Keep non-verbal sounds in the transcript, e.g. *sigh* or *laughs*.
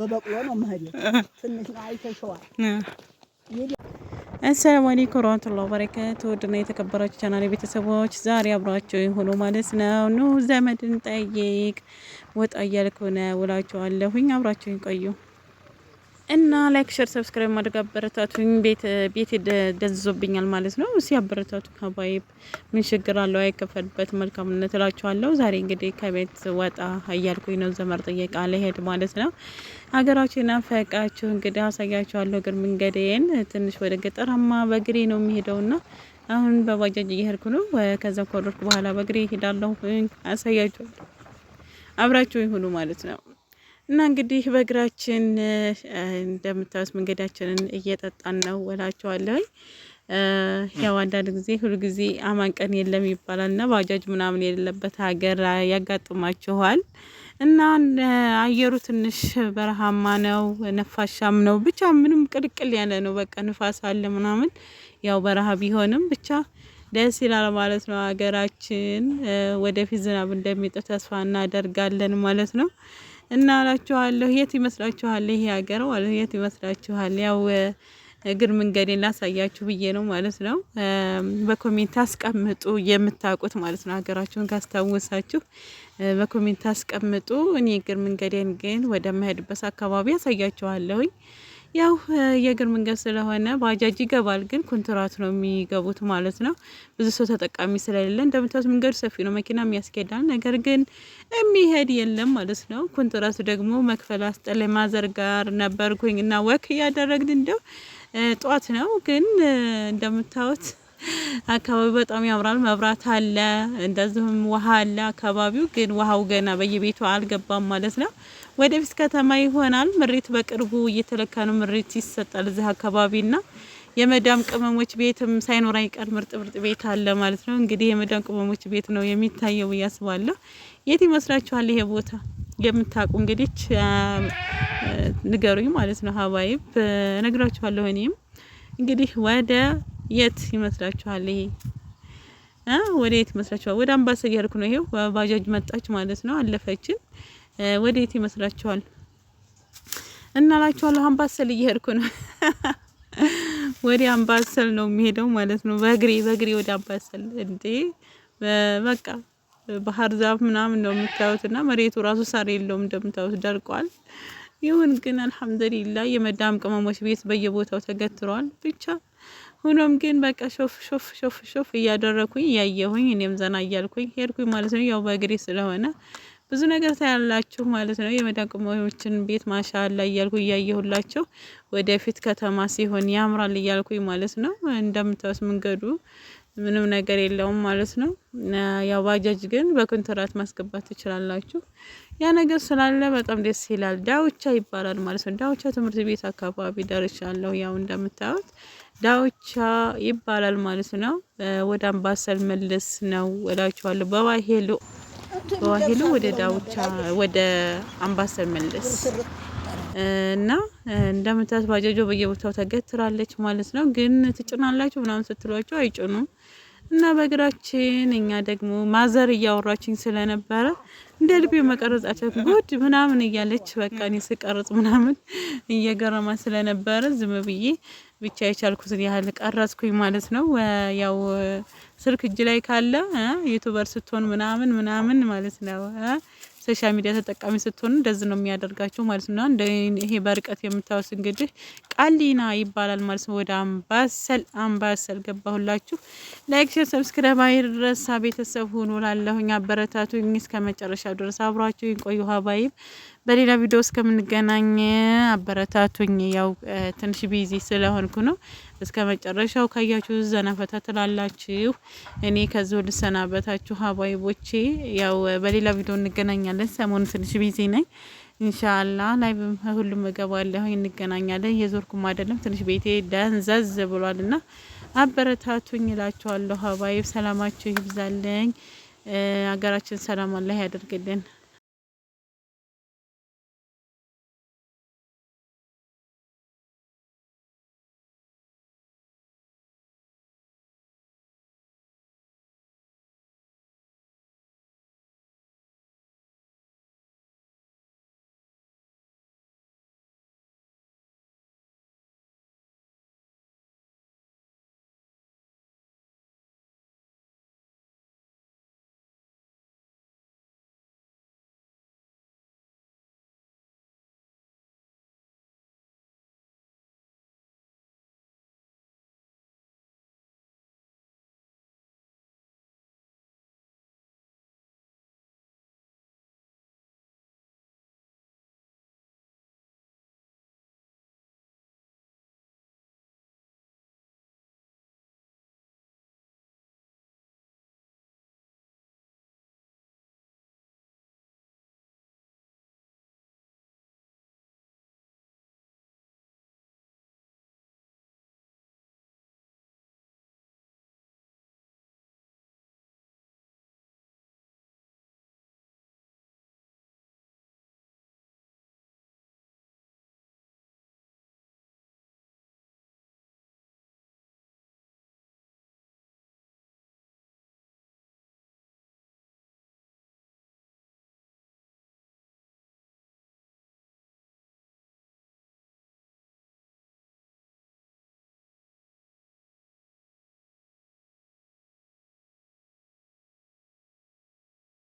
በበቅሎ ነው መሄድ። ትንሽ ነው አይተሸዋል። አሰላሙ አለይኩም ወራህመቱላሂ ወበረካቱ ውድና የተከበራችሁ ቻናል ቤተሰቦች ዛሬ አብራችሁ ሆኖ ማለት ነው ኑ ዘመድን ጠይቅ ወጣ እያልኩ ነው ውላችኋለሁኝ። ቆዩ። እና ላይክ ሼር ሰብስክራይብ ማድረግ አበረታቱኝ። ቤት ቤት ደዝዞብኛል ማለት ነው። እስ አበረታቱ ሀባይብ ምን ችግር አለው? አይከፈልበት መልካምነት እላችኋለሁ። ዛሬ እንግዲህ ከቤት ወጣ እያልኩኝ ነው። ዘመር ጥየቃ ልሄድ ማለት ነው። ሀገራችን ናፈቃችሁ እንግዲህ አሳያችኋለሁ። እግር መንገዴን ትንሽ ወደ ገጠራማ በግሬ ነው የሚሄደው ና አሁን በባጃጅ እየሄድኩ ነው። ከዛ ኮረድኩ በኋላ በግሬ ይሄዳለሁ። አሳያችኋለሁ። አብራችሁ ይሁኑ ማለት ነው። እና እንግዲህ በእግራችን እንደምታዩት መንገዳችንን እየጠጣን ነው እላችኋለሁ። ያው አንዳንድ ጊዜ ሁልጊዜ አማን ቀን የለም ይባላል እና ባጃጅ ምናምን የሌለበት ሀገር ያጋጥማችኋል። እና አየሩ ትንሽ በረሃማ ነው፣ ነፋሻም ነው፣ ብቻ ምንም ቅልቅል ያለ ነው። በቃ ንፋስ አለ ምናምን፣ ያው በረሃ ቢሆንም ብቻ ደስ ይላል ማለት ነው። ሀገራችን ወደፊት ዝናብ እንደሚጥል ተስፋ እናደርጋለን ማለት ነው። እና የት ይመስላችኋል? ይሄ ሀገር ማለት የት ይመስላችኋል? ያው እግር መንገዴን ላሳያችሁ ብዬ ነው ማለት ነው። በኮሜንት አስቀምጡ የምታውቁት ማለት ነው። ሀገራችሁን ካስታወሳችሁ በኮሜንት አስቀምጡ። እኔ እግር መንገዴን ግን ወደማሄድበት አካባቢ ያሳያችኋለሁኝ። ያው የእግር መንገድ ስለሆነ ባጃጅ ይገባል፣ ግን ኮንትራት ነው የሚገቡት ማለት ነው። ብዙ ሰው ተጠቃሚ ስለሌለ እንደምታዩት መንገዱ ሰፊ ነው፣ መኪናም ያስኬዳል። ነገር ግን የሚሄድ የለም ማለት ነው። ኮንትራቱ ደግሞ መክፈል አስጠላይ። ማዘር ጋር ነበርኩኝ እና ወክ እያደረግን እንደው ጧት ነው፣ ግን እንደምታዩት አካባቢው በጣም ያምራል። መብራት አለ፣ እንደዚሁም ውሃ አለ አካባቢው። ግን ውሃው ገና በየቤቱ አልገባም ማለት ነው። ወደፊት ከተማ ይሆናል። ምሪት በቅርቡ እየተለካ ነው። ምሪት ይሰጣል እዚህ አካባቢ አካባቢና የመዳም ቅመሞች ቤትም ሳይኖር አይቀር ምርጥ ምርጥ ቤት አለ ማለት ነው። እንግዲህ የመዳም ቅመሞች ቤት ነው የሚታየው ብዬ አስባለሁ። የት ይመስላችኋል ይሄ ቦታ? የምታውቁ እንግዲህ ንገሩኝ ማለት ነው። ሀባይብ ነግራችኋለሁ። እኔም እንግዲህ ወደ የት ይመስላችኋል ይሄ ወደ የት ይመስላችኋል? ወደ አምባሰል ያልኩ ነው። ይሄው ባጃጅ መጣች ማለት ነው፣ አለፈችን። ወዴት ይመስላችኋል? እናላችኋለሁ። አምባሰል እየሄድኩ ነው። *laughs* ወደ አምባሰል ነው የሚሄደው ማለት ነው። በእግሬ በእግሬ ወደ አምባሰል እንዴ በቃ ባህር ዛፍ ምናምን ነው የምታዩት፣ እና መሬቱ ራሱ ሳር የለውም እንደምታዩት ደርቋል። ይሁን ግን አልሐምዱሊላ የመዳም ቅመሞች ቤት በየቦታው ተገትሯል። ብቻ ሆኖም ግን በቃ ሾፍ ሾፍ ሾፍ ሾፍ እያደረኩኝ እያየሁኝ እኔም ዘና እያልኩኝ ሄድኩኝ ማለት ነው። ያው በእግሬ ስለሆነ ብዙ ነገር ታያላችሁ ማለት ነው። የመዳን ቤት ማሻላ እያልኩ እያየሁላችሁ ወደፊት ከተማ ሲሆን ያምራል እያልኩኝ ማለት ነው። እንደምታዩት መንገዱ ምንም ነገር የለውም ማለት ነው። ያው ባጃጅ ግን በኮንትራት ማስገባት ትችላላችሁ። ያ ነገር ስላለ በጣም ደስ ይላል። ዳውቻ ይባላል ማለት ነው። ዳውቻ ትምህርት ቤት አካባቢ ደርሻለሁ። ያው እንደምታዩት ዳውቻ ይባላል ማለት ነው። ወደ አምባሰል መለስ ነው እላችኋለሁ። በባሄሎ በዋሄሎ ወደ ዳውቻ ወደ አምባሰል መለስ እና እንደምታት ባጃጆ በየቦታው ተገትራለች ማለት ነው። ግን ትጭናላችሁ ምናምን ስትሏቸው አይጭኑም። እና በእግራችን እኛ ደግሞ ማዘር እያወራችኝ ስለነበረ እንደ ልቤ መቀረጻቸው ጉድ ምናምን እያለች በቃ እኔ ስቀርጽ ምናምን እየገረማ ስለነበረ ዝም ብዬ ብቻ የቻልኩትን ያህል ቀረጽኩኝ ማለት ነው። ያው ስልክ እጅ ላይ ካለ ዩቱበር ስትሆን ምናምን ምናምን ማለት ነው ሶሻል ሚዲያ ተጠቃሚ ስትሆኑ እንደዚህ ነው የሚያደርጋቸው ማለት ነው። እንደ ይሄ በርቀት የምታወስ እንግዲህ ቃሊና ይባላል ማለት ነው። ወደ አምባሰል አምባሰል ገባሁላችሁ። ላይክ፣ ሼር፣ ሰብስክራይብ አይረሳ። ቤተሰብ ሁኑ ላለሁኝ አበረታቱኝ። እስከ መጨረሻ ድረስ አብሯችሁ ቆዩ ሀባይም በሌላ ቪዲዮ እስከምንገናኝ አበረታቱኝ። ያው ትንሽ ቢዚ ስለሆንኩ ነው። እስከ መጨረሻው ካያችሁ ዘና ፈታ ትላላችሁ። እኔ ከዚሁ ልሰናበታችሁ ሀባይቦቼ። ያው በሌላ ቪዲዮ እንገናኛለን። ሰሞኑ ትንሽ ቢዚ ነኝ። እንሻላ ላይ ሁሉም እገባለሁ፣ እንገናኛለን። የዞርኩም አይደለም ትንሽ ቤቴ ደንዘዝ ብሏልና አበረታቱኝ እላችኋለሁ። ሀባይብ ሰላማችሁ ይብዛለኝ። ሀገራችን ሰላም አላህ ያደርግልን።